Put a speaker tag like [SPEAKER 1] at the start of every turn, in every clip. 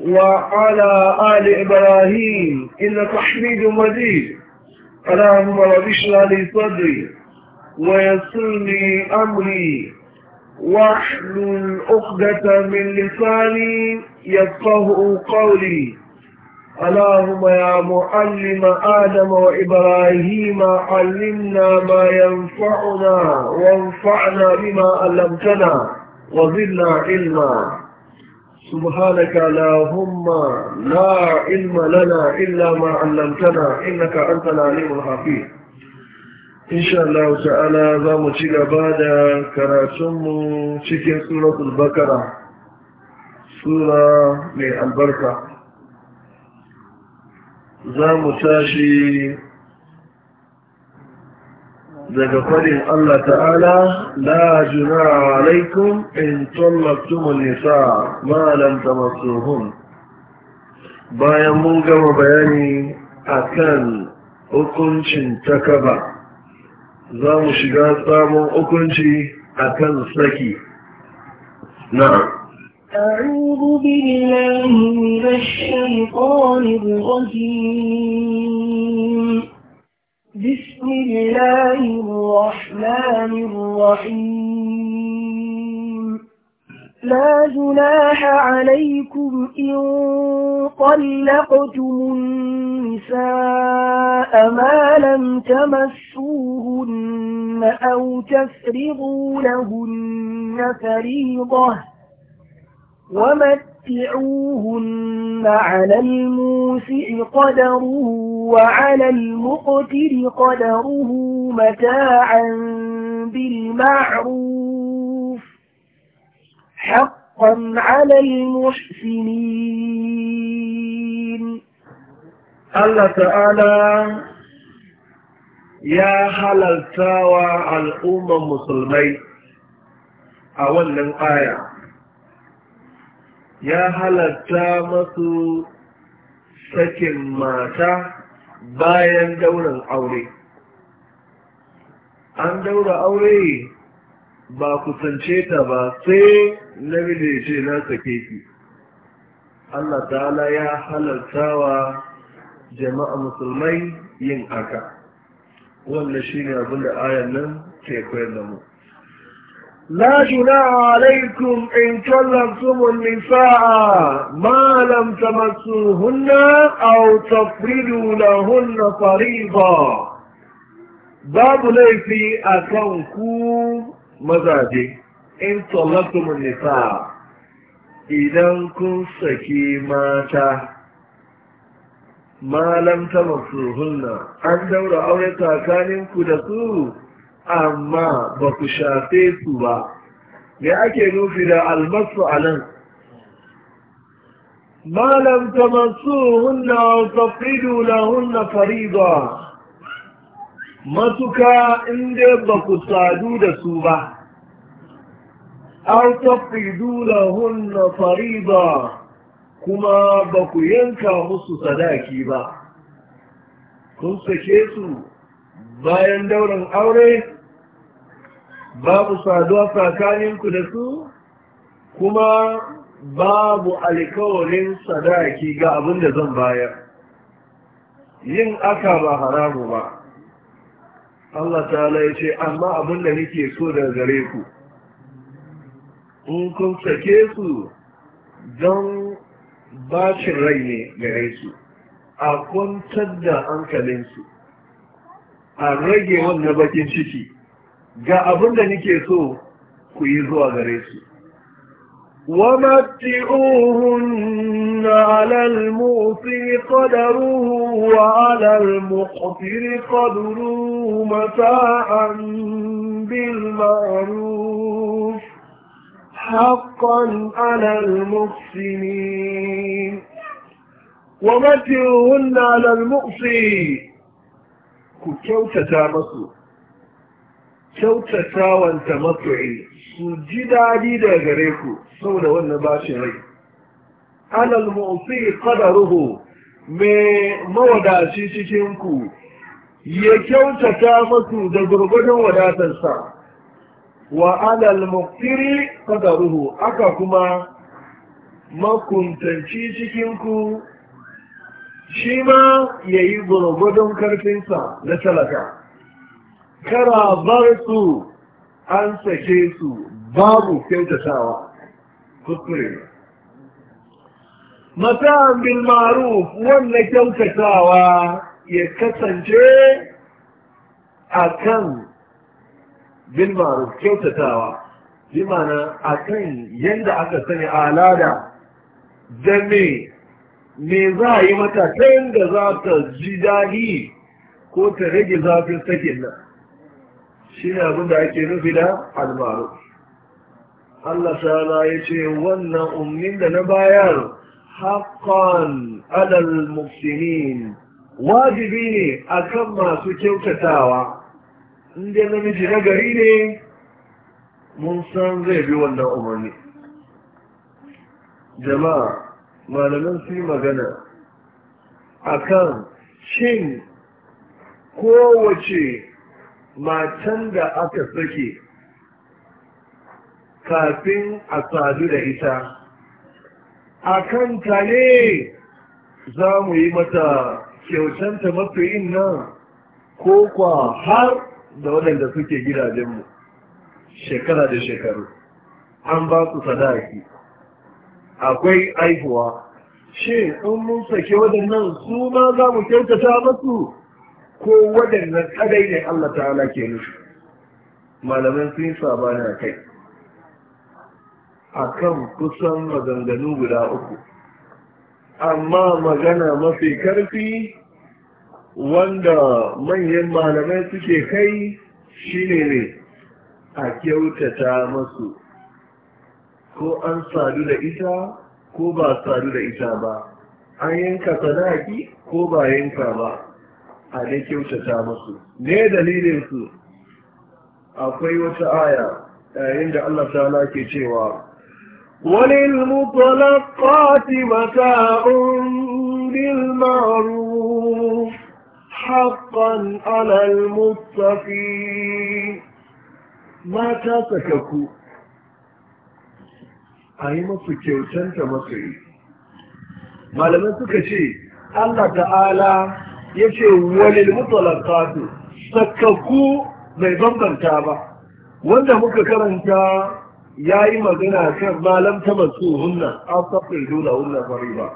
[SPEAKER 1] وعلى آل إبراهيم إنك حميد مجيد اللهم رب اشرح لي صدري ويسر لي أمري واحلل عقدة من لساني يفقه قولي اللهم يا معلم آدم وإبراهيم علمنا ما ينفعنا وانفعنا بما علمتنا وزدنا علما سبحانك اللهم لا علم لنا إلا ما علمتنا إنك أنت العليم الحكيم إن شاء الله تعالى زام تشيغا بعد كراتم شكين سورة البكرة سورة من البركة زام تاشي daga faɗin Allah ta'ala la juna alaikum in tallabtumun nisa ma lam tamassuhun bayan mun gama bayani kan hukuncin takaba za mu shiga sabon hukunci akan saki na'am
[SPEAKER 2] أعوذ بالله من الشيطان الرجيم بسم الله الرحمن الرحيم لا جناح عليكم إن طلقتم النساء ما لم تمسوهن أو تفرغوا لهن فريضة ومتعوا متعوهن على الموسع قدره وعلى المقتر قدره متاعا بالمعروف حقا على المحسنين
[SPEAKER 1] الله تعالى يا حلال ساوى الأمم المسلمين أولا aya آية. ya halatta masu sakin mata bayan daurin aure an daura aure ba kusance ta ba sai na ya ce na sake ki Allah ta'ala ya halarta wa jama'a musulmai yin aka wannan shine abin da ayan nan ke koyar da mu لا جناح عليكم إن كلمتم النساء ما لم تمسوهن أو تفردوا لهن فريضا باب ليفي أكونكو مزاجي إن طلقتم النساء إذا كن سكيماتا ما لم تمسوهن أن دور أولي تاكانين كدسوه amma ba ku shafe su ba me ake nufi da almasu a nan malam ta masu hunna tafidu na hunna fariba matuka inda ba ku sadu da su ba an tafidu na hunna fariba kuma ba ku yanka musu sadaki ba kun sake su bayan daurin aure babu saduwa tsakaninku da su kuma babu alkawarin sadaki ga abin da zan bayar yin aka ba haramu ba Allah ta'ala ya ce amma abin da nake so daga gare ku in kun sake su don bacin rai ne gare su a kwantar da hankalinsu a rage wannan bakin ciki ga abin da nike so ku yi zuwa gare su. Wa matiruhun na alalmu su yi kadaruwa alalmu a fili kaduru bilmaru hakan alalmu ne. Wa matiruhun na alalmu ku kyautata masu, kyautatawanta matu'i su ji dadi da gare ku saboda wannan bashin rai alal mu'ti qadaruhu me mawadaci cikin ku ya kyautata masu da gurgudun wadatarsa wa alal muqtiri qadaruhu aka kuma makuntanci cikin ku shi ma yayi gurgudun karfinsa na talaka su an sake su babu kyautatawa kuskure mata'an bin ma'ruf wannan kyautatawa ya kasance kan bin ma'ruf kyautatawa bi a akan yadda aka sani alada da me me za a yi mata ta yadda za ta ji daɗi ko ta rage zafin sakin nan shi ne abin da ake nufi da almaru Allah ta'ala ya ce wannan umarni da na bayar haƙon alal muksinin wajibi ne a kan masu kyautatawa inda namiji na gari ne mun san zai bi wannan umarni jama'a malamin su yi magana a kan shin kowace matan da aka sake kafin a sadu da ita a kanta ne za mu yi mata kyautanta yin nan ko kwa har da waɗanda suke gidajenmu shekara da shekaru an ba su sadaki akwai aihuwa shi in mun sake waɗannan su ma za mu kyautata masu ko waɗannan tsadai ne Allah ta'ala ke nufi malaman sun sabani a kai a kan kusan maganganu guda uku amma magana mafi karfi wanda manyan malamai suke kai shine ne a kyautata masu ko an sadu da ita ko ba sadu da ita ba an yanka sadaki ko ba yanka ba a ne kyautata masu. ne dalilin su akwai wata aya yayin da Allah Ta ke cewa wani mutalaqati mata'un mata, ma'ruf haqqan hakan alal muttaqi mata sakaku ayi musu kyautanta musu malaman suka ce Allah ta'ala Yace ce walil mutalaqatu sakakku bai bambanta ba wanda muka karanta ya yi magana kan malam ta masu hunna a safai dole hunna fari ba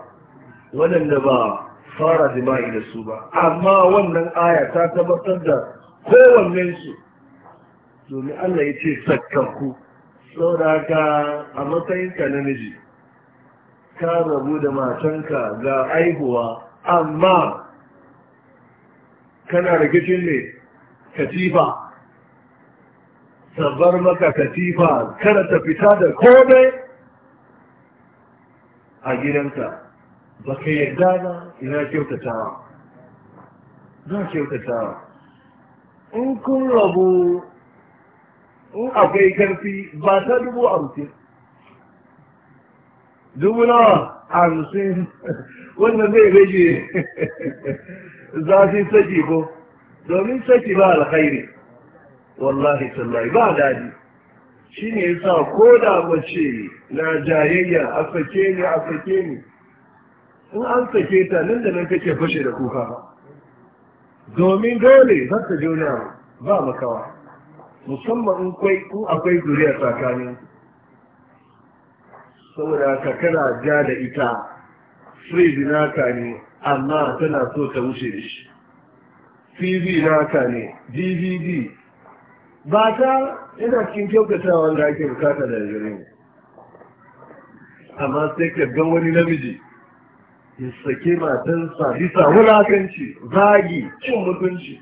[SPEAKER 1] waɗanda ba fara jima'i da su ba amma wannan aya ta tabbatar da su. domin allah ya ce sakakku a matsayinka namiji ka rabu da matanka ga aihuwa amma kana rikicin ne katifa sabar maka katifa kada ta fita da komai a gidanka ba ka yarda ba ina kyautatawa za kyautatawa in kun rabu in akwai karfi ba ta dubu hamsin dubu nawa hamsin wannan zai rage zafin saki ko domin saki ba alkhairi wallahi tallahi ba daɗi shi ne ya sa ko da mace na jayayya a sake ni a sake ni in an sake ta nan da nan kake fashe da kuka domin dole za ta jona ba makawa musamman in kwai ko akwai zuriya tsakanin saboda ka kana ja da ita free naka ne amma tana so ta wuce da shi cv naka ne dvd ba ta yana cikin kyautatawa da ake bukata da gare mu amma sai ka ga wani namiji ya sake matansa bisa wulakanci zagi cin mutunci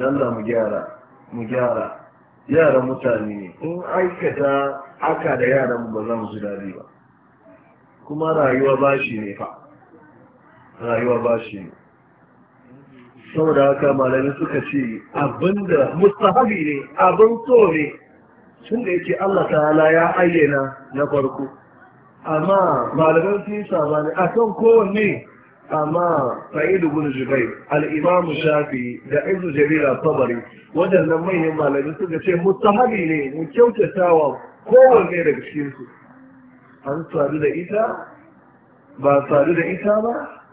[SPEAKER 1] Allah mu gyara mu gyara yaran mutane ne in aikata aka da yaran ba za mu ji daɗi ba kuma rayuwa bashi ne fa rayuwa bashi ne saboda haka malami suka ce abinda mustahabi ne abin so ne sun da yake Allah hala ya ayyana na farko amma malamin sun yi sabani a kan kowanne amma Fa'idu ibn jubair al shafi da izu jarira al-tabari wadannan manyan malami suka ce mustahabi ne mu kyautatawa kowanne daga cikinsu an sadu da ita ba sadu da ita ba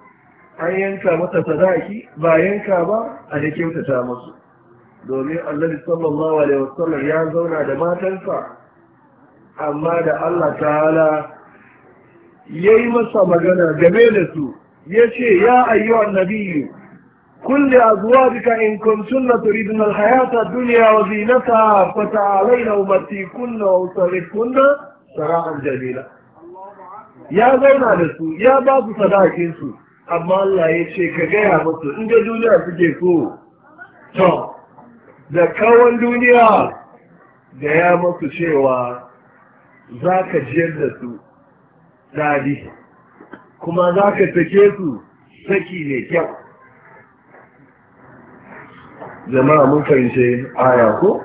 [SPEAKER 1] an yanka mata sadaki ba yanka ba a da kyautata musu domin Allah sallallahu alaihi wasallam ya zauna da matansa amma da Allah ta'ala yayi masa magana game da su yace ya ayyuhan nabiyyu كل أزواجك إن كنتن تريدن الحياة الدنيا وزينتها فتعالين أمتيكن وأسرحكن سراعا جميلا ya zauna da su ya ba su sadakin su amma Allah ya ce ka gaya musu in da duniya suke so to da kawon duniya da ya musu cewa za ka jiyar da su dadi kuma za ka sake su saki mai kyau jama'a mun fahimce aya ko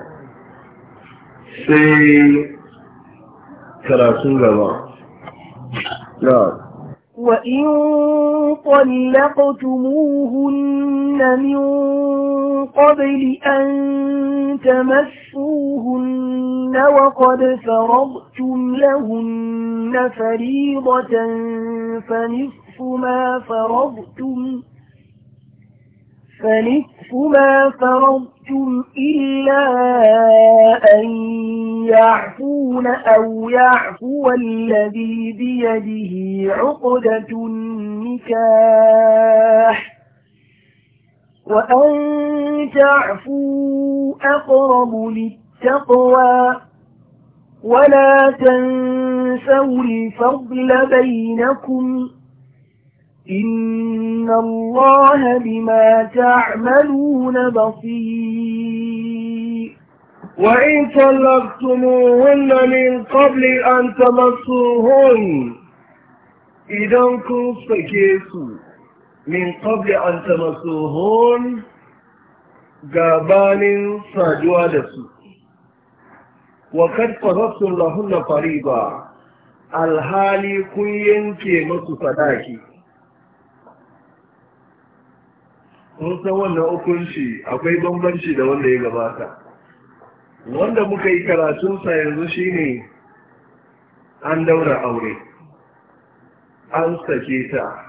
[SPEAKER 1] sai karatun gaba نعم.
[SPEAKER 2] وإن طلقتموهن من قبل أن تمسوهن وقد فرضتم لهن فريضة فنصف ما فرضتم فنصف ما فرضتم إلا أن يعفون أو يعفو الذي بيده عقدة النكاح وأن تعفوا أقرب للتقوى ولا تنسوا الفضل بينكم إن الله بما تعملون بصير
[SPEAKER 1] وإن تلقتموهن من قبل أن تمسوهن إذا كنت فكيسوا من قبل أن تمسوهن قابان saduwa وقد su لهن قريبا الحالي كن ينكي alhali mun san wannan hukunci akwai bambanci da wanda ya gabata wanda muka yi karatunsa yanzu shine an daura aure an sake ta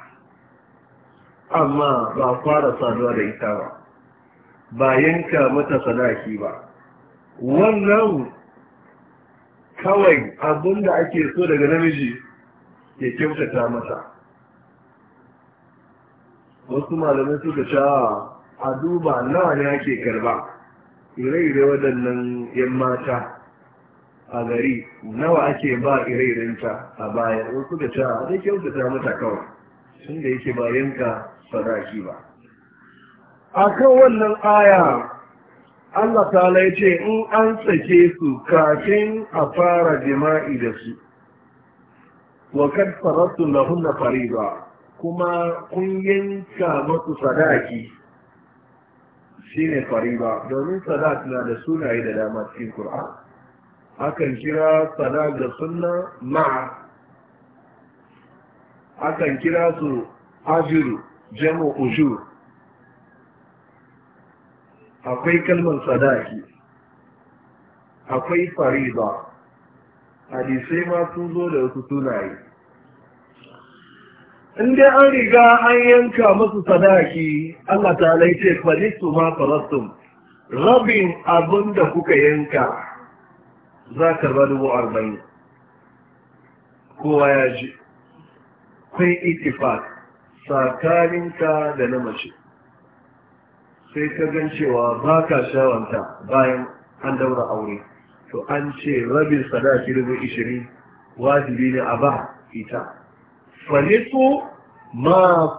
[SPEAKER 1] amma ba fara saduwa da ita ba ba yanka mata sadaki ba wannan kawai abinda ake so daga namiji ya kyautata mata wasu malamai suka sha a duba nawa ne ake karba ire-ire waɗannan 'yan mata a gari nawa ake ba ire-irenta a baya wasu da ta da ta mata kawai tun da yake ba yanka sadaki ba a kan wannan aya Allah ta ce in an tsake su kafin a fara jima'i da su wa kad faratu fari fariba kuma kun yanka masu sadaki shi ne fariba domin sadak na da sunaye da dama cikin ƙur'an akan kira sadak da suna ma'a akan kira su ajiru jama ujur akwai kalmar sadaki akwai fariba hadisai ma sun zo da wasu sunaye in dai an riga an yanka musu sadaki Allah ta ce falisu ma farastum rabin abin da kuka yanka za ka ba dubu arba'in kowa ya ji kai itifak tsakaninka da na mace sai ka gan cewa ba ka shawanta bayan an daura aure to an ce rabin sadaki dubu ishirin wajibi ne a ba ita falitu ma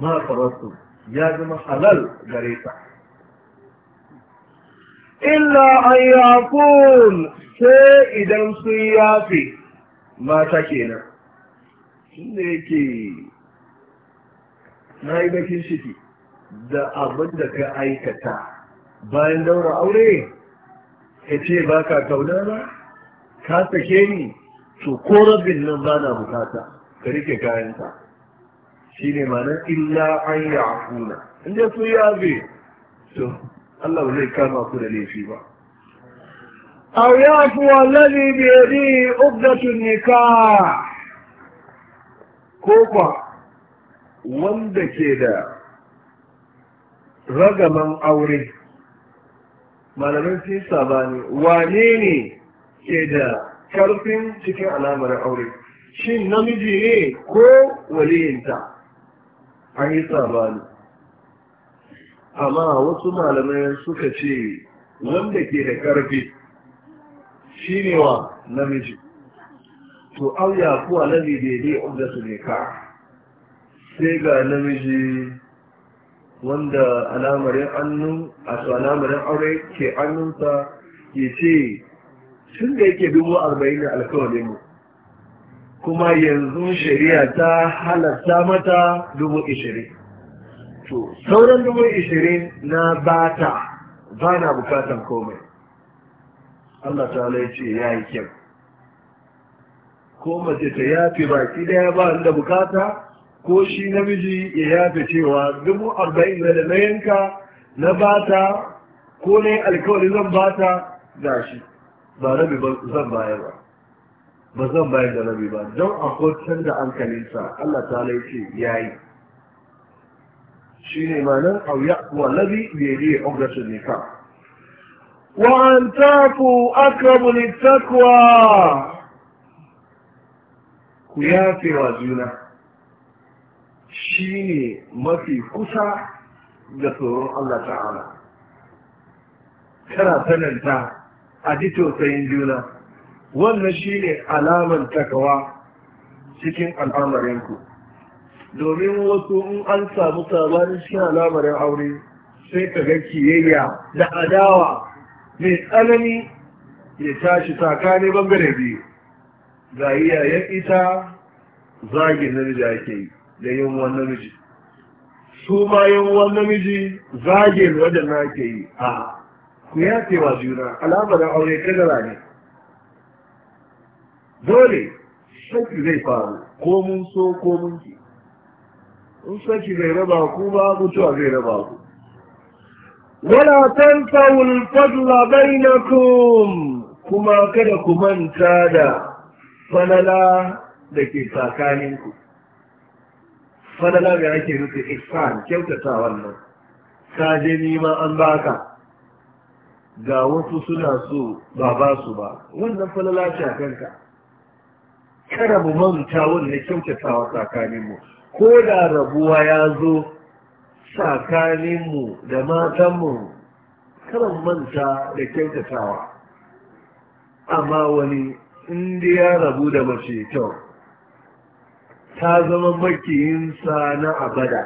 [SPEAKER 1] farattum ya zama halal gare ta illa an yaqul sai idan sun yafe mata kenan shine yake na yi bakin shiki da abin da ka aikata bayan daura aure ka ce ba ka kauna ka sake ni to ko rabin nan ba na bukata ka rike kayanta shi ne ma'anar illa an yi afuna in dai sun to Allah ba zai kama ku da laifi ba aw yafu allazi bi yadihi uqdatu nikah ko kwa wanda ke da ragaman aure malamin sun sabani wane ne ke da karfin cikin alamar aure shi namiji ne ko waliyinta an yi sabani amma wasu malamai suka ce wanda ke da karfi shi ne wa namiji to auya kuwa labi daidai inda su ne ka sai ga namiji wanda alamarin annu a su alamarin aure ke annunsa ke ce tun da yake dubu arba'in da alkawalin mu kuma yanzu shari'a ta halatta mata dubu ishirin to sauran dubu ishirin na bata ba na bukatan komai Allah ta ya ce ya yi kyau ko mace ta yafe baki daya ba da bukata ko shi namiji ya yafe cewa dubu arba'in da na yanka na bata ko ne alkawarin zan bata gashi shi ba rabi ba zan bayar ba ba zan bayar da rabi ba don a da an hankalinsa Allah ta ce ya yi shi ne nan auya wallabi bai ne ƙungatun nika wa'an taku akrabu littakwa ku yafe wa juna shi ne mafi kusa da tsoron Allah ta'ala kana sananta a ji tausayin juna wannan shi ne alaman takawa cikin al'amarinku domin wasu in an samu sabanin shi al'amarin aure sai ka ga kiyayya da adawa mai tsanani ya tashi tsakanin bangare biyu ga iyayen ita zagin namiji ake yi da yin wannan namiji su ma wannan miji zagin wajen na ke yi a ku yafe wa juna da aure gara ne dole saki zai faru ko mun so ko mun ki in saki zai raba ku ba mutuwa zai raba ku wala tansawu al-fadla bainakum kuma kada ku manta da falala da ke tsakaninku falala da ake nufin ihsan kyautata wannan ka je nima an baka ga wasu suna so ba ba su ba wannan falala ce kanka kada mu manta wannan kyautatawa tsakaninmu ko da rabuwa ya zo tsakaninmu da matanmu kada mu manta da kyautatawa amma wani inda ya rabu da mace kyau ta zama makiyinsa na abada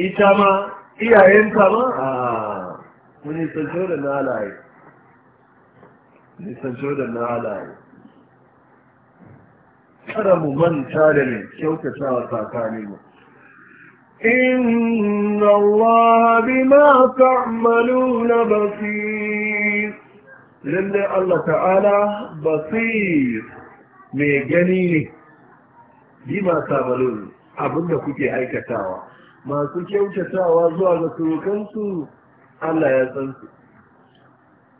[SPEAKER 1] ita ma iyayenta ma a mu nisanto da na halaye da kada mu manta da ne kyautatawa tsakanin mu إن الله بما Allah Ta'ala, Basir. الله gani ne? ميجانيني بما تعملون abinda kuke aikatawa masu kyautatawa zuwa ga surukansu Allah ya san su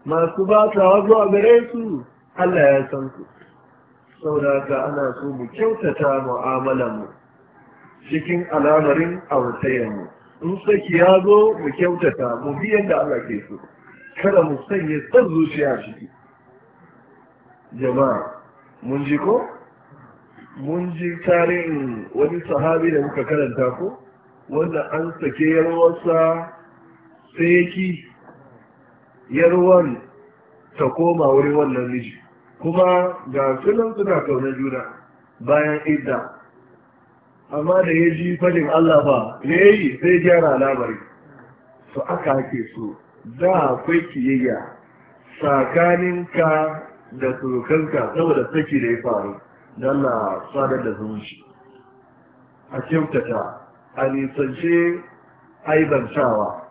[SPEAKER 1] masu ba ta a gare su Allah ya san su saboda ana so mu kyautata mu'amalanmu. cikin al'amarin auratayen mu in saki ya zo mu kyautata mu bi yadda Allah ke so kada mu sanya san zuciya ciki jama'a mun ji ko mun ji tarihin wani sahabi da muka karanta ko wanda an sake wasa? sai ya ki yarwan ta koma wurin wannan miji kuma ga sunan suna kaunar juna bayan idda amma da ya ji fadin Allah ba ya yi sai gyara labari su aka ake so a akwai kiyayya tsakaninka da surukanka saboda saki da ya faru don na sadar da zumunci a kyautata a nisance aibantawa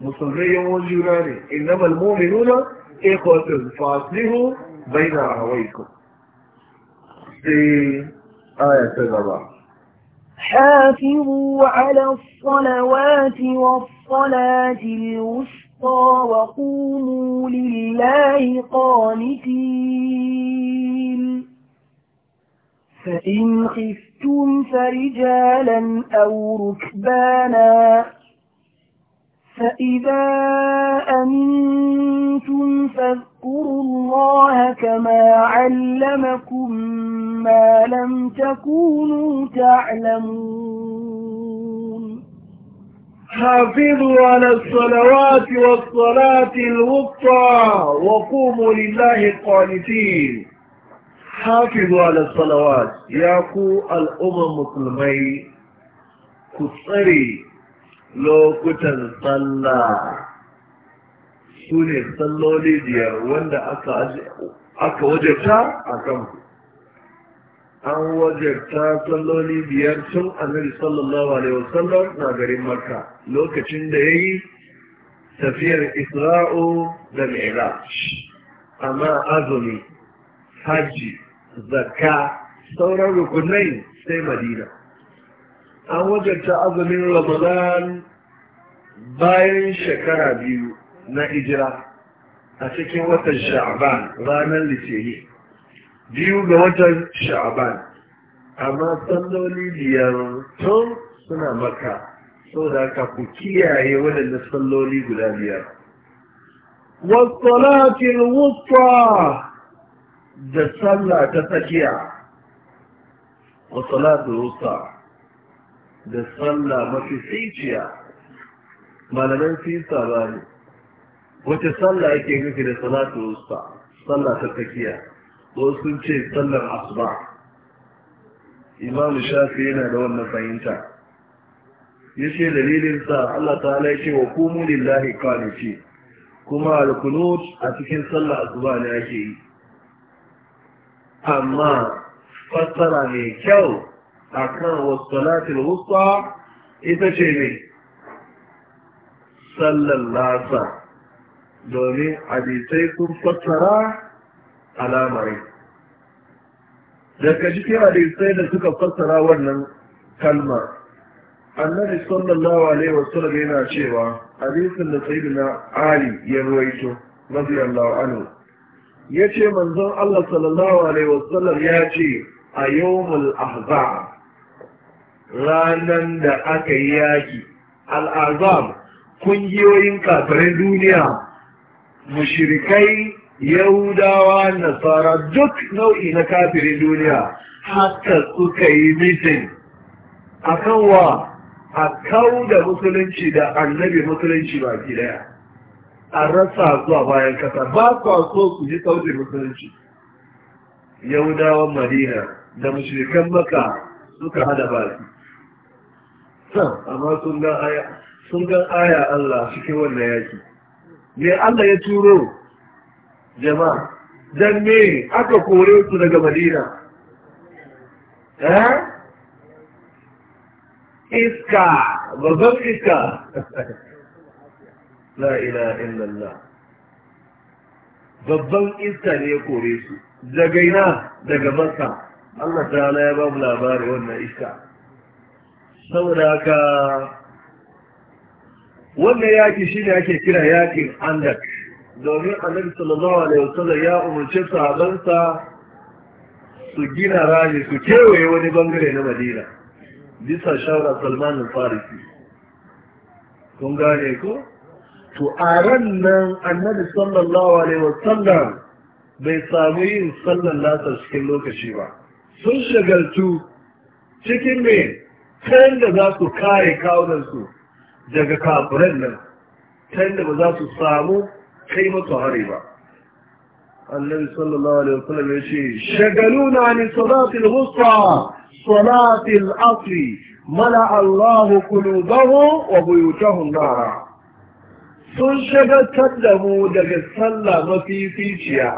[SPEAKER 1] مصرية وجيراني إنما المؤمنون إخوة فأصلحوا بين أهويكم في آية الله
[SPEAKER 2] حافظوا على الصلوات والصلاة الوسطى وقوموا لله قانتين فإن خفتم فرجالا أو ركبانا فإذا أمنتم فاذكروا الله كما علمكم ما لم تكونوا تعلمون
[SPEAKER 1] حافظوا على الصلوات والصلاة الوسطى وقوموا لله القانتين حافظوا على الصلوات يا قو الأمم المسلمين كسري lokutan sallah su ne salloli biyar wanda aka wajarta a kan an wajarta salloli biyar sun annabi sallallahu alaihi wasallam na garin makka lokacin da ya yi tafiyar Isra'o da mi'raj amma azumi hajji zakka sauran rukunai sai madina an wajenta azumin ramadan bayan shekara biyu na ijira a cikin watan sha'aban ranar litini biyu ga watan sha'aban amma salloli biyar tun suna maka saboda ka ku kiyaye waɗanda salloli guda biyar wasalatin wusta da sallah ta tsakiya wasalatin wusta da sallah mafi tsinciya malaman fisa ba ne wace sallah yake nufi da salatu wusta sallah ta tsakiya ko sun ce sallar asuba imam shafi yana da wannan fahimta yace dalilinsa dalilinsa Allah halaye ce wa kumu lillahi kwanaki kuma al a cikin sallar asuba ne ake yi amma fassara mai kyau a kan wasalatul wusta ita ce ne sallan lasa domin hadisai sun fassara alamari daga cikin hadisai da suka fassara wannan kalmar annabi sallallahu alaihi wasallam yana cewa hadisin da na ali ya ruwaito radiyallahu anhu yace manzon Allah sallallahu alaihi wasallam ya ce a yawmul ahzab ranar da aka yi yaƙi al'azam ƙungiyoyin kafirin duniya mushirikai yahudawa nasara duk nau'i na kafirin duniya hatta suka yi mitin a kan wa a kawo da musulunci da annabi musulunci ba daya a rasa zuwa bayan kasa ba kwa so ku ji sautin musulunci yahudawan madina da mashirikan maka suka hada su amma sun ga aya sun ga aya Allah cikin wannan yaki me Allah ya turo jama'a dan me aka kore su daga Madina eh iska babban iska la ilaha illallah babban iska ne ya kore su daga ina daga Makka Allah ta ya ba mu labari wannan iska saboda haka wannan yaki shi ne ake kira yakin andak domin annabi sallallahu alaihi wasallam ya umarci sahabansa su gina rami su kewaye wani bangare na madina bisa shawara salman farisi kun gane ko to a ran nan annabi sallallahu alaihi wasallam bai samu yin sallan lasar cikin lokaci ba sun shagaltu cikin mai ta yadda za su kare kawunansu
[SPEAKER 2] daga kafuran
[SPEAKER 1] nan ta yadda ba za su samu kai masu hari ba annabi sallallahu alaihi wasallam ya ce na ni salatil wusta salatil asri mala Allahu qulubahum wa buyutahum nara sun shagaltar da mu daga sallah mafificiya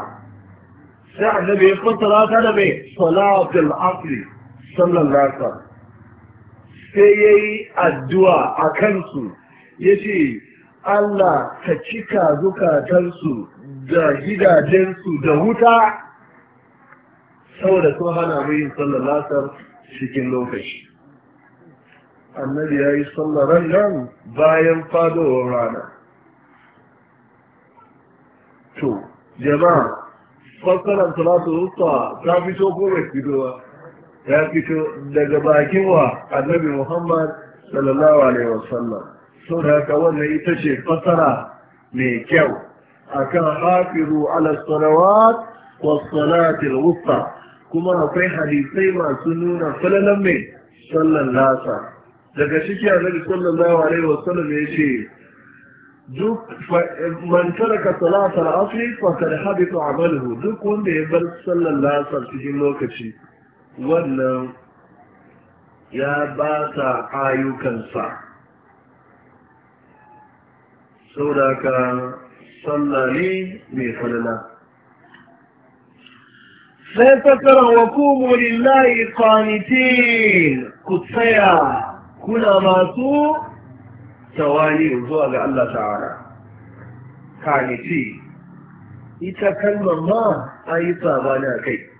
[SPEAKER 1] sai annabi ya fasara ta da mai salatil asri sallallahu alaihi sai ya yi addu'a a kansu ya ce Allah ka cika zukatarsu da gidajensu da wuta saboda sun hana mu yin cikin lokaci annabi ya yi sallaran nan bayan fadowar rana to jama'a fassarar salatu wusta ta fito ko mai fidowa. ya fito daga bakin wa annabi muhammad sallallahu alaihi wasallam so da haka wannan ita ce fasara mai kyau akan hafizu ala salawat wa salatil wusta kuma akwai hadisai masu nuna falalan mai sallan nasa daga ciki annabi sallallahu alaihi wasallam ya ce duk man taraka salatar asli fa kad habita amaluhu duk wanda ya bar sallan lasar cikin lokaci wannan ya ba sa ayyukansa sauraka ne mai falala sai fasara wa kumu lillahi kwanitin ku tsaya kuna masu tawali zuwa ga Allah ta'ala kwaniti ita kalmar ma an yi sabani a kai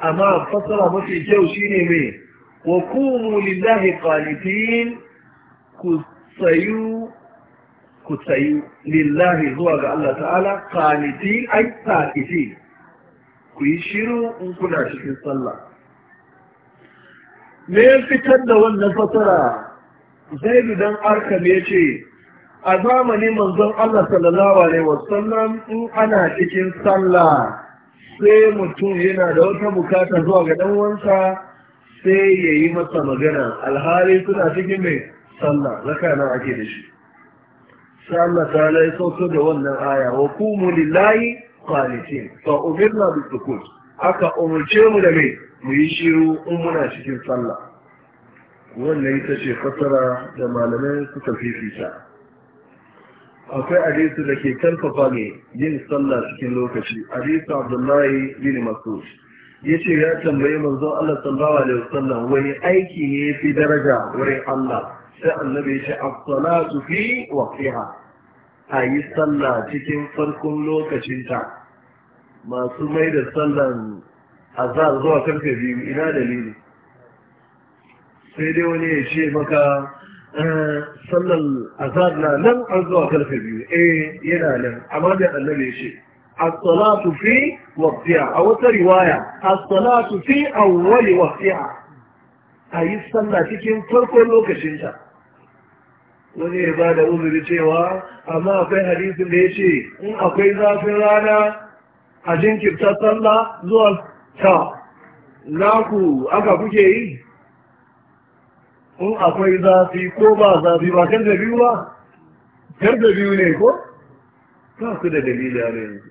[SPEAKER 1] amma fasara mafi kyau shine mai wa kumu lillahi qanitin ku tsayu ku tsayu lillahi zuwa ga Allah ta'ala qanitin ai sa'ifi ku yi shiru in kuna cikin sallah me fitar da wannan Zai bi dan arkam ya ce a zamanin manzon Allah sallallahu alaihi wasallam in ana cikin sallah sai mutum yana da wata bukata zuwa ga dan wansa sai ya yi masa magana alhali suna cikin mai sallah zaka nan ake da shi sai ta lai da wannan aya wa kumu lillahi qanitin fa umirna bis sukut aka umurce mu da mai mu yi shiru in muna cikin sallah wannan ita ce fasara da malamai suka fifita akwai hadisu da ke karfafa ne yin sallah cikin lokaci hadisu abdullahi bin masud ya ce ya tambayi manzon Allah sallallahu alaihi wasallam wani aiki ne fi daraja wurin Allah sai annabi ya ce as-salatu fi waqtiha a yi sallah cikin farkon lokacinta masu mai da sallan azhar zuwa karfe biyu ina dalili sai dai wani ya ce maka Eh, sallar azhar na nan an zuwa karfe biyu eh yana nan amma da annabi ya ce as-salatu fi waqtiha a wata riwaya as-salatu fi awwali waqtiha ayi sallah cikin farko lokacinta wani ya ba da uzuri cewa amma akwai hadisin da ya ce in akwai zafin rana a jinkirta sallah zuwa ta ku, aka kuke yi in akwai zafi ko ba zafi ba kan da ba kan da ne ko ta su da dalili a yanzu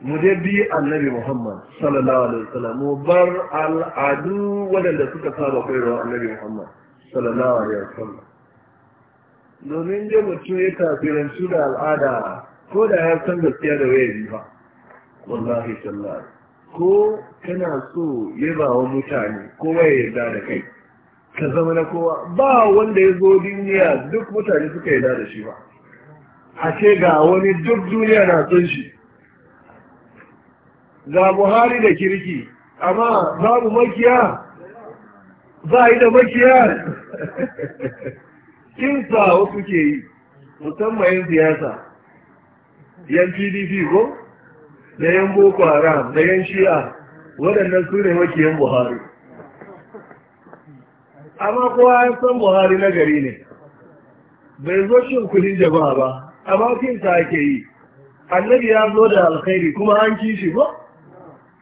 [SPEAKER 1] mu je bi annabi muhammad sallallahu alaihi wasallam mu bar al'adu waɗanda suka saba koyarwa annabi muhammad sallallahu alaihi wasallam domin je mutum ya su da al'ada ko da ya san gaskiya da waya bi ba wallahi sallallahu ko kana so yaba wa mutane ko waya da kai ka zama na kowa ba wanda ya zo duniya duk mutane suka yada da shi ba a ce ga wani duk duniya na son shi ga buhari da kirki amma babu makiya Za a yi da makiya kinsa wasu ke yi musamman yan siyasa yan pdp ko da yan boko haram da yan shi'a waɗannan su ne makiyan buhari amma kowa ya san buhari na gari ne bai zo shi kudin jama'a ba amma ta ake yi annabi ya zo da alkhairi kuma an ci shi ko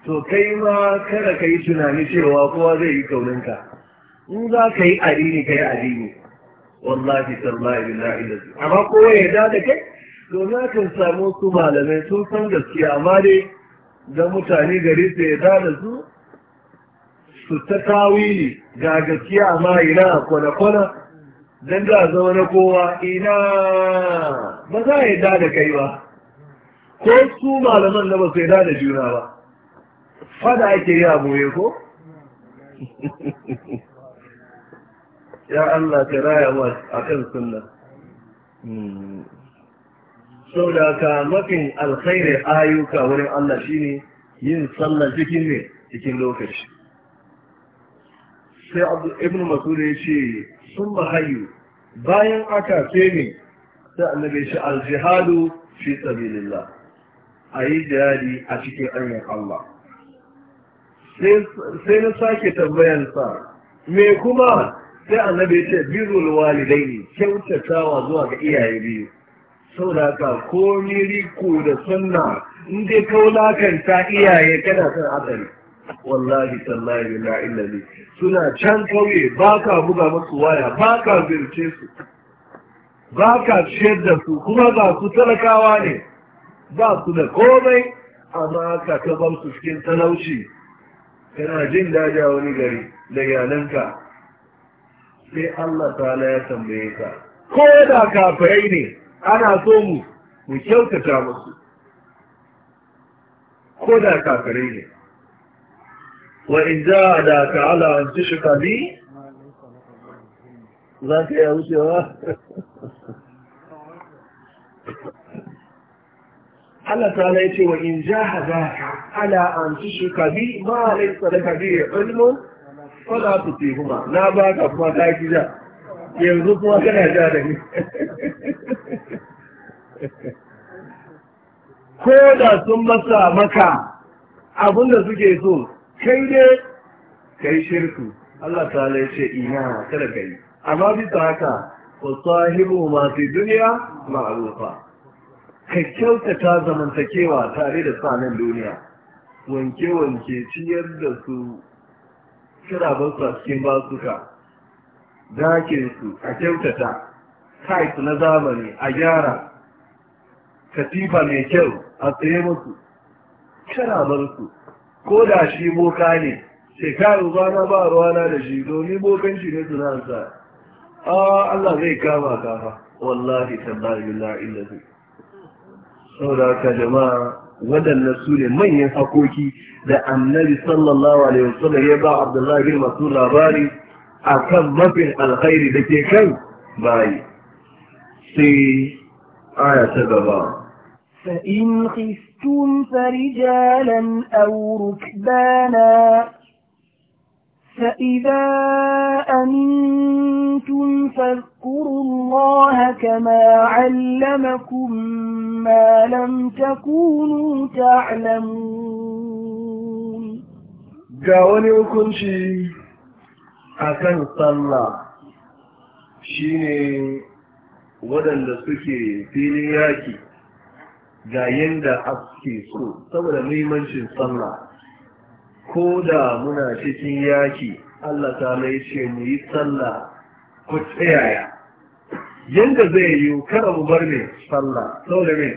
[SPEAKER 1] to kai ma kada ka yi tunani cewa kowa zai yi kauninka in za ka yi addini kai yi wallahi sallahi billahi da su amma kowa ya da da kai domin kan samu su malamai sun san gaskiya amma dai da mutane gari su ya da su su ta tawili ga gaskiya ma ina kwana-kwana don da zama na kowa ina ba za a yi da kai ba ko su malaman na ba su yi da juna ba fada ake yi a boye ko? ya Allah ta raya wa a kan suna hmm. sau da ka mafin alkhairar ayyuka wurin Allah shine yin sallar cikin ne cikin lokaci sai abu ibn masud ya ce sun mahayu bayan aka ce ne sai annabi shi aljihadu fi sabilillah a yi jihadi a cikin ayyar Allah sai na sake tambayansa me kuma sai annabi ya ce ne, walidaini kyautatawa zuwa ga iyaye biyu saboda ko da sunna in dai kaulakanta iyaye kana son hatsari wallahi tallahi la ilahi suna can kauye ba ka buga musu waya ba ka zirce su ba ka ciyar da su kuma ba su talakawa ne ba su da komai amma ka ka su cikin talauci kana jin daji a wani gari da yananka sai Allah ta'ala ya tambaye ka ko da kafirai ne ana so mu mu kyautata musu ko da kafirai ne
[SPEAKER 2] وإن جاهدك على أن تشرك بي
[SPEAKER 1] ذاك يا وجهه Allah ta ya ce wa in jahadaka ala an tushrika bi ma laysa laka bi ilmun fala tutihuma na baka kuma ta gida yanzu kuma kana ja da ni ko da sun masa maka abinda suke so kai dai kai shirku Allah ta ya ce ina kada kai amma bisa haka wa sahibu ma fi duniya ma'rufa ka kyautata zamantakewa tare da sanan duniya wanke-wanke ciyar da su kirabansu a cikin basuka dakinsu a kyautata kaisu na zamani a gyara katifa mai kyau a tsaye musu su. ko da shi boka ne sai ka ruba na ba ruwana da shi domin bokan shi ne tunansa a Allah zai kama kafa wallahi tabbari billahi illazi saboda ka jama'a waɗannan su ne manyan hakoki da annabi sallallahu alaihi wasallam ya ba abdullahi bin Mas'ud labari a kan mafin alkhairi da ke kan bayi sai aya ta gaba
[SPEAKER 2] فإن خفتم فرجالا أو ركبانا فإذا أمنتم فاذكروا الله كما علمكم ما لم تكونوا تعلمون
[SPEAKER 1] جاوني وكنشي أكن صلى شيني ودن لسكي في ياكي ga yadda ake so saboda muhimmancin sallah ko da muna cikin yaki Allah ta mai ce mu yi sallah ku tsayaya yadda zai yi kada mu bar ne sallah saboda me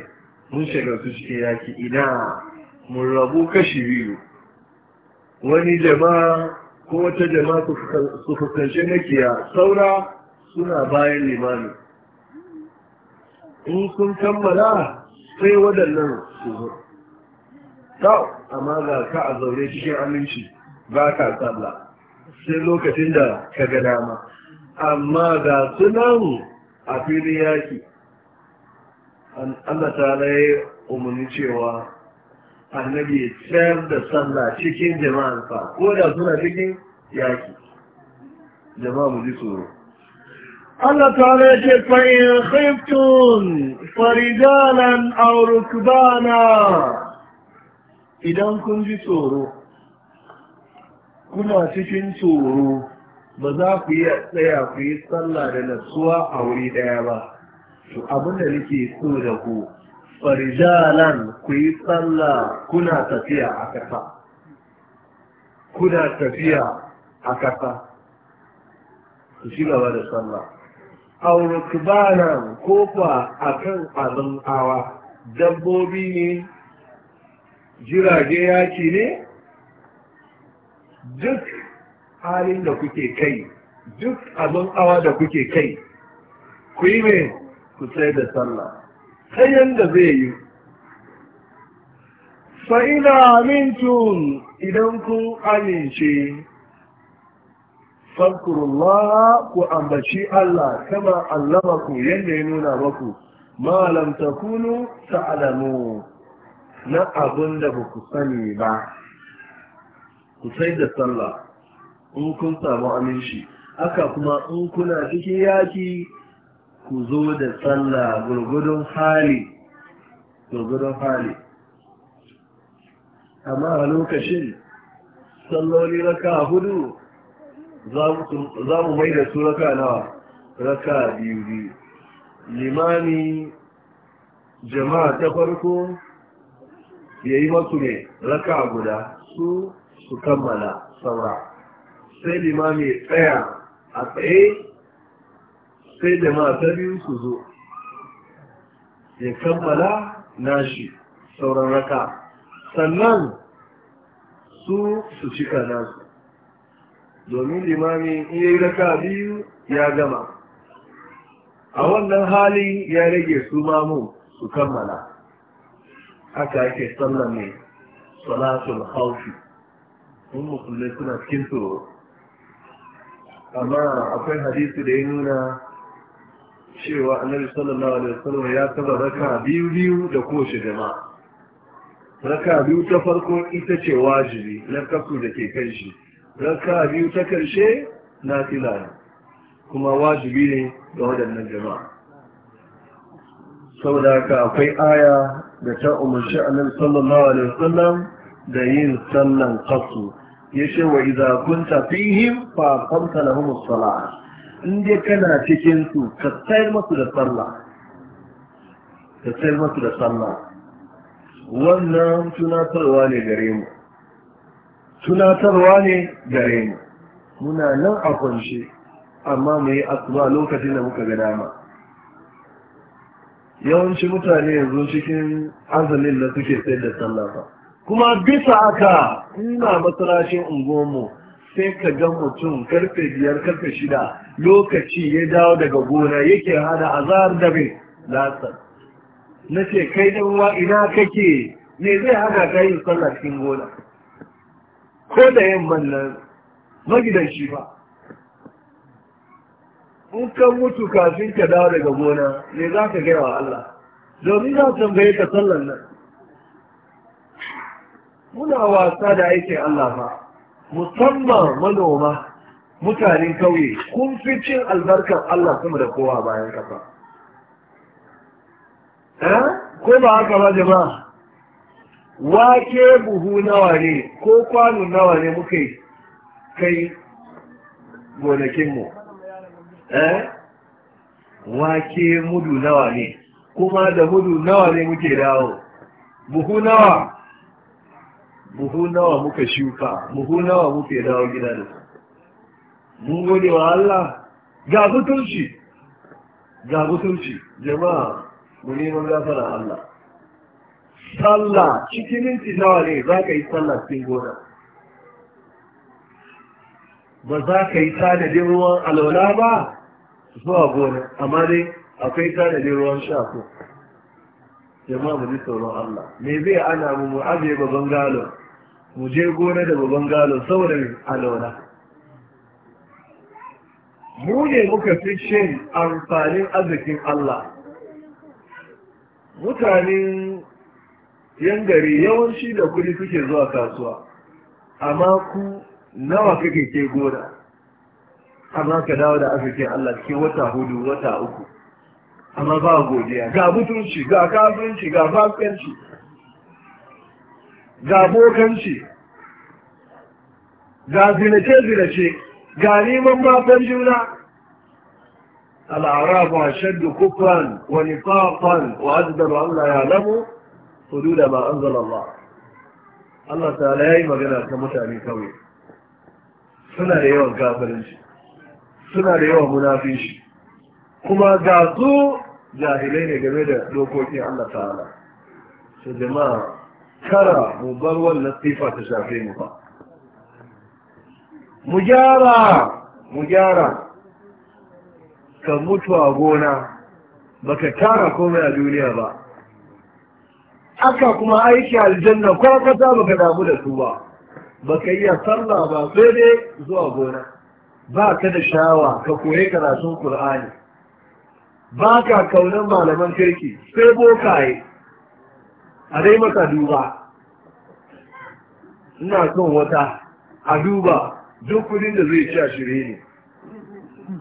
[SPEAKER 1] mun shiga su cikin yaki ina mun rabu kashi biyu wani jama'a ko wata jama'a su fuskanci makiya saura suna bayan limami in sun kammala sai waɗannan su zo amma ga ka a zaure cikin aminci ba ka tsalla sai lokacin da ka ga dama amma ga sunan a filin yaƙi. Allah ta laye umarni cewa annabi tsayar da sallah cikin jama'ansa ko da suna cikin yaƙi. jama'a mu ji tsoro Allah ta'ala ya ce fa'in farijalan aw rukbana idan kun ji tsoro kuna cikin tsoro ba za ku yi tsaya ku yi sallah da natsuwa a wuri ɗaya ba to abin da nake so da ku farijalan ku yi sallah kuna tafiya a ƙasa ku ci gaba da sallah aurukbana ko kwa akan abin awa dabbobi ne jirage yaki ne duk halin da kuke kai duk abin awa da kuke kai ku yi mai ku sai da sallah sai yadda zai yi fa'ina mintun idan kun amince fadkurullah ku ambaci Allah kama ku yadda ya nuna maku malam takunu ta'lamu na abin da ba ku sani ba ku sai da sallah in kun samu aminci aka kuma in kuna cikin yaki ku zo da sallah gurgudun hali gurgudun hali amma a lokacin salloli raka hudu za mu mai da su raka nawa raka biyu biyu limani jama'a ta farko ya yi masu ne raka guda su su kammala saura sai limani tsaya a tsaye sai jama'a ta biyu su zo ya kammala nashi sauran raka sannan su su cika nasu domin limami in yi raka biyu ya gama a wannan hali ya rage su mamu su kammala haka ake sallan ne salatul haufi in musulmi suna cikin tsoro amma akwai hadisi da ya nuna cewa annabi sallallahu alaihi wasallam ya taba raka biyu biyu da kowace jama'a raka biyu ta farko ita ce wajibi na kasu da ke kan shi raka biyu ta karshe na fila kuma wajibi ne ga waɗannan jama'a saboda haka akwai aya da ta umarci annabi sallallahu alaihi wasallam da yin sallan qasu ya wa idza kunta fihim fa qamta lahum as-salah in dai kana cikin ka tsayar musu da sallah ka tsayar musu da sallah wannan tunatarwa ne gare mu tunatarwa ne gare mu muna nan a kwance amma mu yi asuba lokacin da muka ga dama yawanci mutane yanzu cikin azumin da suke sai da sallafa kuma bisa aka ina masarashin unguwanmu sai ka ga mutum karfe biyar karfe shida lokaci ya dawo daga gona yake hada azar da bai lasar na ce kai dan wa ina kake ne zai hada ka yi sallah cikin gona ko da yamman nan magidanci ba in ka mutu kafin ka dawo daga gona ne za ka gaya wa Allah domin za tambaye ka sallan nan muna wasa da aikin Allah ba musamman manoma mutanen kauye kun fi cin albarkar Allah sama da kowa bayan kasa eh? ko ba haka ba jama'a wake buhu nawa ne ko kwano nawa ne muka yi kai gonakinmu eh wake mudu nawa ne kuma da mudu nawa ne muke dawo buhu nawa buhu nawa muka shuka buhu nawa muke dawo gida da mun gode wa Allah ga mutunci ga mutunci jama'a mu neman gafara Allah Salla cikin minti nawa ne za ka yi sallah cikin gona ba za ka yi tanadin ruwan alwala ba zuwa gona amma dai akwai tanadin ruwan shafo jama'a mu ji tsoron Allah me zai ana mu mu ajiye babban galon mu je gona da babban galon saboda alwala mu ne muka fi shin amfanin arzikin Allah mutanen yan gari yawanci da kuɗi suke zuwa kasuwa amma ku nawa kake ke gona amma ka dawo da afirkin Allah cikin wata hudu wata uku amma ba godiya ga mutunci ga kafinci ga fasikanci ga bokanci ga zinace-zinace ga neman mafan juna al'arabu a shaddu kufran wa nifafan wa azdaru Allah ya lamu da ba an Allah Allah ta ya yi magana ta mutane kawai suna da yawan kafirinci suna da yawan munafinci kuma ga su jahilai ne game da dokokin Allah ta'ala su jama'a kara mu bar wannan sifa ta shafe mu ba mu gyara mu gyara ka mutu a gona ka tara komai a duniya ba aka kuma aiki aljanna ko kasa ka damu da su ba baka iya sallah ba sai dai zuwa gona ba ka da shawa ka koyi karatun qur'ani ba ka kaunan malaman kirki sai bokaye a dai maka duba ina son wata a duba duk kudin da zai ci a ne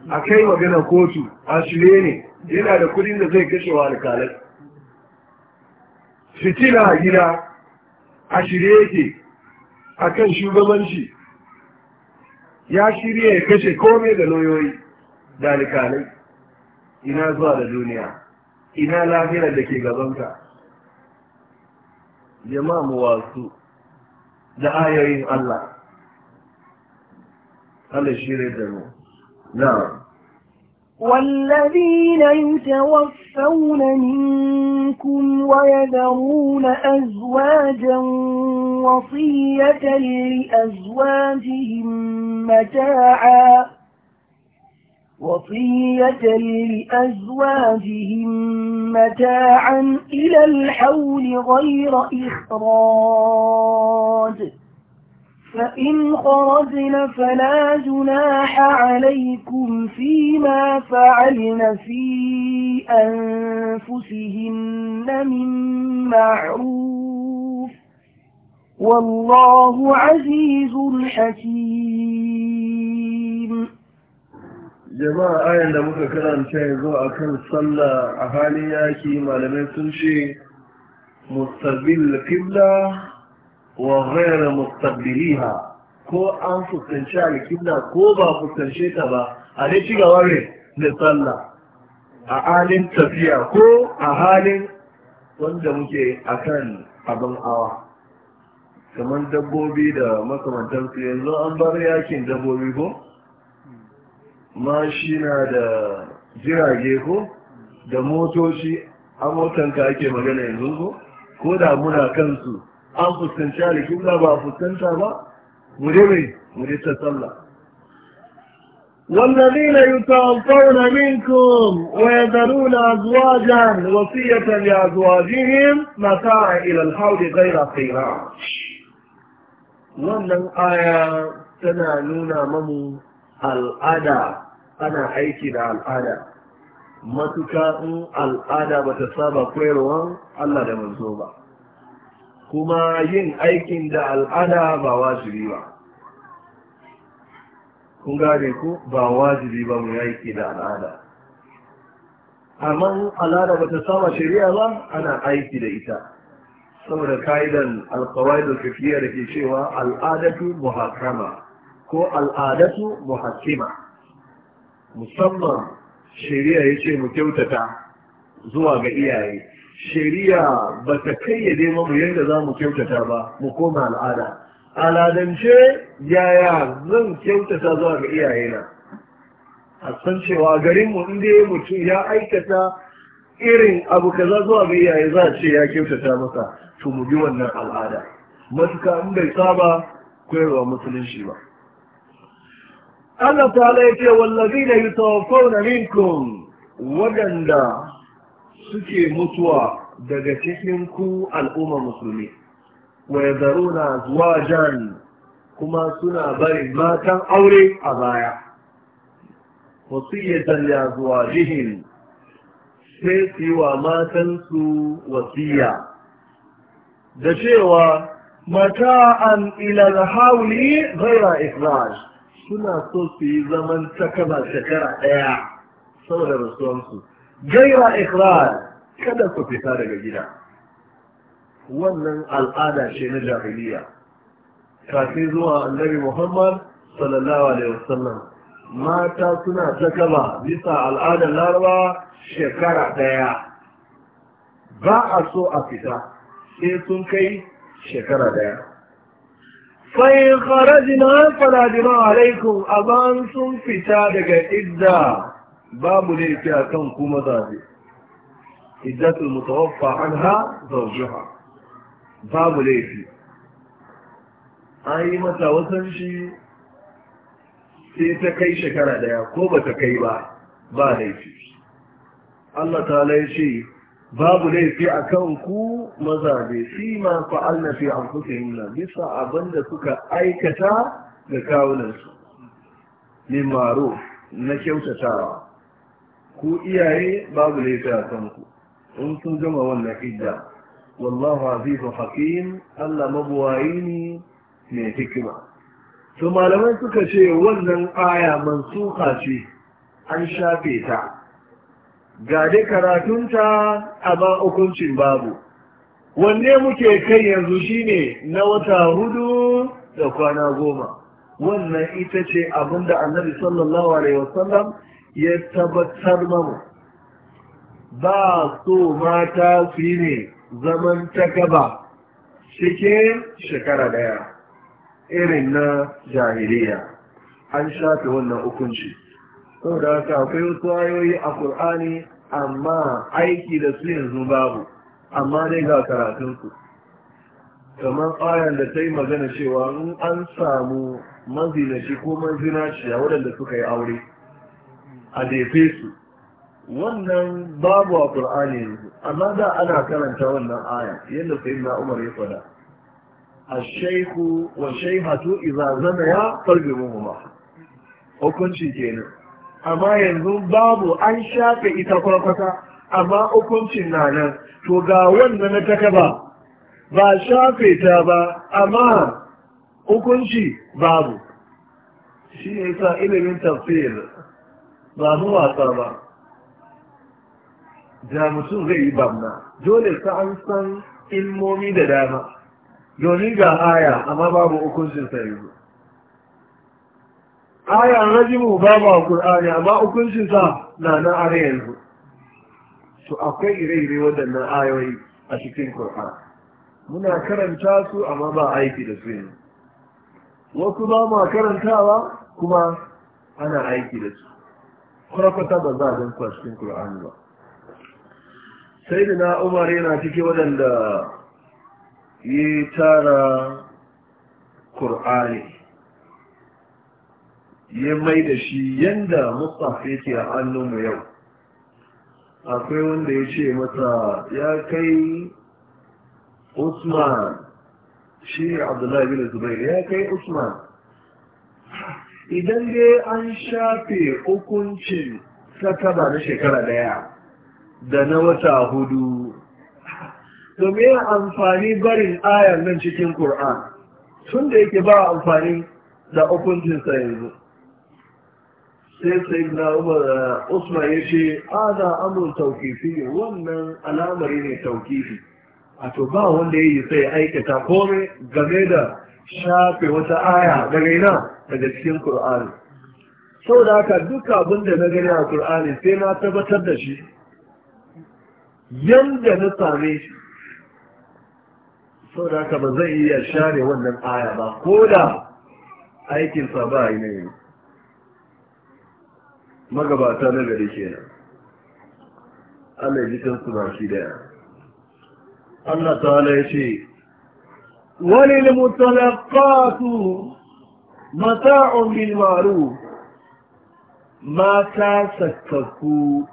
[SPEAKER 1] a kai magana kotu a shirye ne yana da kudin da zai kashewa alkalai fitila a gida a shirye yake a kan shugabanci ya shirya ya kashe kome da lauyoyi da alikalai ina zuwa da duniya ina lafiyar da ke gabanka jama'a mu wasu da ayoyin Allah Allah shirye da mu na'am
[SPEAKER 2] والذين يتوفون منكم ويذرون أزواجا وصية لأزواجهم متاعا وصية لأزواجهم متاعا إلى الحول غير إخراج فإن خرجن فلا جناح عليكم فيما فعلن في أنفسهن من معروف والله عزيز
[SPEAKER 1] حكيم جماعة آية لمكة كلام شاهدوا أكل صلى أهالي ياكي ما لم يسنشي مستقبل القبلة wa ghayra mustaqbiliha ko an fuskanci alƙibla ko ba fuskance ta ba a dai ci gaba ne da sallah a halin tafiya ko a halin wanda muke akan abin awa kamar dabbobi da su yanzu an bar yakin dabbobi ko na da jirage ko da motoci a motanka ake magana yanzu ko ko da muna kansu an fuskanci alikibla ba a fuskanta ba muri mai muri ta tsalla wallazi na yi tawantar na minkum na zuwa jan wasiyyatan ya zuwa jihim na ta a ilal haudi gaira kaira wannan aya tana nuna mamu al'ada ana aiki da al'ada matuka in al'ada ba ta saba kwerowar allah da manzo ba kuma yin aikin da al'ada ba wajibi ba kun gane ku ba wajibi ba mu aiki da al'ada amma al'ada ba ta sama shari'a ba ana aiki da ita saboda ka'idan da tafiya da ke cewa al'adatu muhakama ko al'adatu muhakima musamman shari'a ya ce mu kyautata zuwa ga iyaye shari'a ba ta kayyade mamu yadda za mu kyautata ba mu koma al'ada al'adance yaya zan kyautata zuwa ga iyayena a san cewa garin mu inda mutum ya aikata irin abu kaza zuwa ga iyaye za a ce ya kyautata masa to mu bi wannan al'ada matuka in bai saba koyarwa musulunci ba Allah ta yake wallazi da yi tawafau na minkum waɗanda suke mutuwa daga cikin ku al'umma musulmi wa zuwa zuwajan kuma suna barin matan aure a baya wasiyatan ya jihin sai su yi wa matansu wasiya da cewa ila da hauli zaira ifraj suna so su yi zaman takaba shekara ɗaya saboda rasuwansu gaira ikrar kada ku fita daga gida wannan al'ada ce na jahiliya kafin zuwa annabi muhammad sallallahu alaihi wasallam mata suna zakaba bisa al'adar larwa shekara daya ba a so a fita sai sun kai shekara daya fayin kharajina fara jima alaikum aban sun fita daga idda babu laifi a kan ku mazaje iddatul mutawaffa anha zawjuha babu laifi an yi mata wasan shi sai ta kai shekara daya ko ba ta kai ba ba laifi Allah ta laifi babu laifi a kan ku mazaje si ma na fi anfusihim bisa abinda suka aikata ga kawunansu min maro na kyautatawa ku iyaye babu laifi a ku. in sun gama wannan idda wallahu azizu hakim Allah mabuwayi ne mai hikima to malamai suka ce wannan aya mansuka ce an shafe ta ga dai a ba hukuncin babu wanne muke kai yanzu shine na wata hudu da kwana goma wannan ita ce abinda annabi sallallahu alaihi wasallam ya tabbatar mamu ba so mata su yi ne zaman ta gaba cikin shekara daya irin na jahiliya an shafe wannan hukunci da aka akwai wasu ayoyi a ƙur'ani amma aiki da su yanzu babu amma dai ga karatunsu kamar ayan da ta yi magana cewa an samu mazinaci ko a waɗanda suka yi aure a jefe su wannan babu a ƙur'ani yanzu amma da ana karanta wannan aya yadda sai na umar ya faɗa a shaiku wa shaihatu iza zana ya farbe mu hukunci kenan amma yanzu babu an shafe ita kwakwata amma hukuncin na nan to ga wannan na takaba ba shafe ta ba amma hukunci babu shi ne sa ilimin tafsir ba mu wasa ba da mutum zai yi bamna dole ta an san ilmomi da dama domin ga aya amma babu hukuncin sa an ayan rajimu babu a ƙur'ani amma hukuncin sa na nan are yanzu to akwai ire-ire waɗannan ayoyi a cikin ƙur'an muna karanta su amma ba aiki da su yanzu wasu ba ma karantawa kuma ana aiki da su kwata ba za a gan cikin Qur'ani ba sai da na Umar yana cikin waɗanda yi tara Qur'ani ya mai da shi yanda Mustafa yake a hannunmu yau akwai wanda ya ce masa ya kai Usman shi Abdullahi bin Zubairu ya kai Usman idan dai an shafe hukuncin sakaba na shekara daya da na wata hudu domin me amfani barin ayar nan cikin Kur'an, tun da yake ba amfani da hukuncin sa yanzu sai sai na Umar uh, Usman ya ce ana amur taukifi wannan al'amari ne taukifi a to ba wanda ya yi sai aikata kome game da shafe wata aya da ina daga cikin ƙur'ani sau da haka duk abin da na gani a ƙur'ani sai na tabbatar da shi yanda na same shi sau da haka ba zai iya share wannan aya ba ko da aikinsa ba yi ne magabata na gari kenan Allah ya ji kansu ba shi daya Allah ta ya ce وللمتلقات متاع بالمعروف mata sakkaku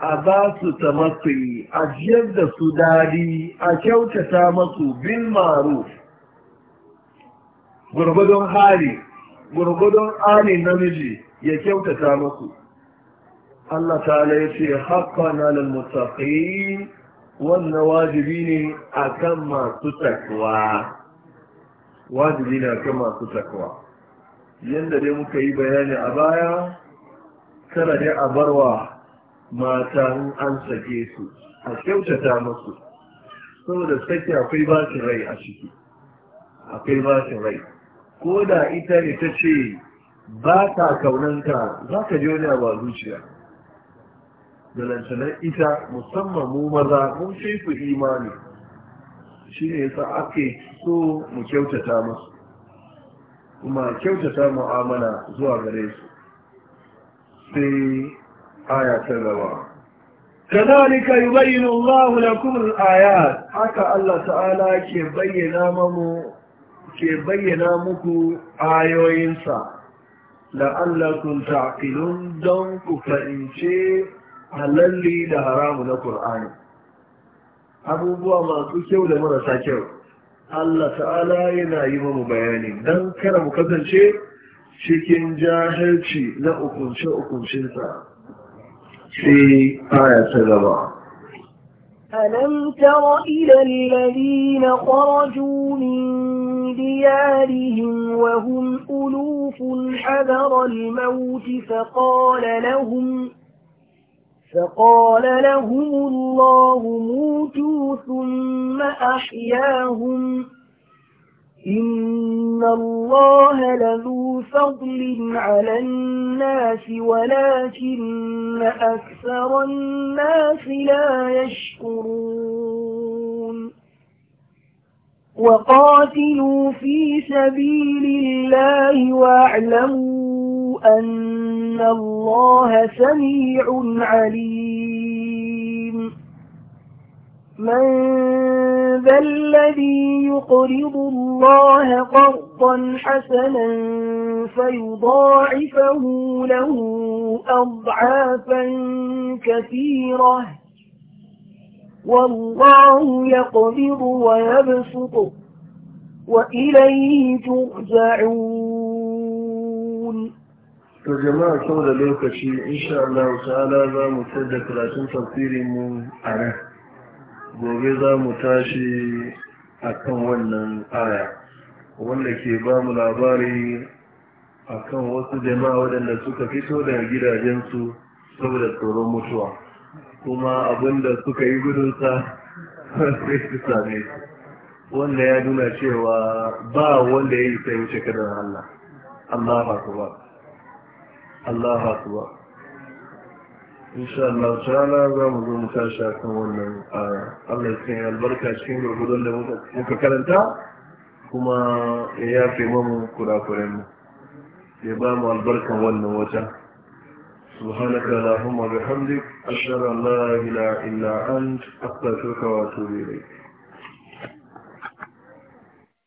[SPEAKER 1] a ba su tamatsi a jiyar da su daɗi a kyautata masu bin maru gurgudun hali gurgudun namiji ya kyautata maku. Allah ta ce haƙƙa na lalmutaƙi wannan wajibi ne a kan masu takwa wajibi ne a kan masu takwa yadda dai muka yi bayani a baya kada dai a barwa mata an sake su a kyautata musu saboda sake akwai bashin rai a ciki akwai bashin rai ko da ita ne ta ce ba ta kaunanta za ka ji wani abu a zuciya da lantanar ita musamman mu maza mun fi su imani shi ne yasa ake so mu kyautata musu kuma kyautata mu'amala zuwa gare su sai aya ta gaba كذلك يبين الله لكم الآيات حكى الله تعالى كبين ممو كبين مكو آيوين سا لعلكم تعقلون دونك fahimce. halalli da haramu na ƙur'ani abubuwa masu kyau da marasa kyau Allah ta'ala yana yi mu bayani don kada mu kasance cikin jahilci na ukunce-ukuncinsa sai aya ta gaba
[SPEAKER 2] ألم تر إلى الذين خرجوا من ديارهم وهم ألوف حذر الموت فقال لهم فقال لهم الله موتوا ثم أحياهم إن الله لذو فضل على الناس ولكن أكثر الناس لا يشكرون وقاتلوا في سبيل الله واعلموا أن الله سميع عليم من ذا الذي يقرض الله قرضا حسنا فيضاعفه له أضعافا كثيرة والله يقبض ويبسط وإليه ترجعون
[SPEAKER 1] to jama'a saboda lokaci insha Allah ta'ala za mu tada karatun tafsirin mu a nan gobe za mu tashi a kan wannan aya wanda ke ba mu labari kan wasu jama'a waɗanda suka fito daga gidajensu saboda tsoron mutuwa kuma abinda suka yi gudunsa sai su same wanda ya nuna cewa ba wanda ya yi sai wuce kadar Allah Allah ba ku ba Allah akbar insha Allah zamu za mu zo mu wannan aya Allah ya sanya albarka cikin gurgudun da muka karanta kuma ya yafe mamu kurakuren mu ya ba mu wannan wata سبحانك اللهم وبحمدك أشهد أن لا إله إلا أنت أستغفرك وأتوب إليك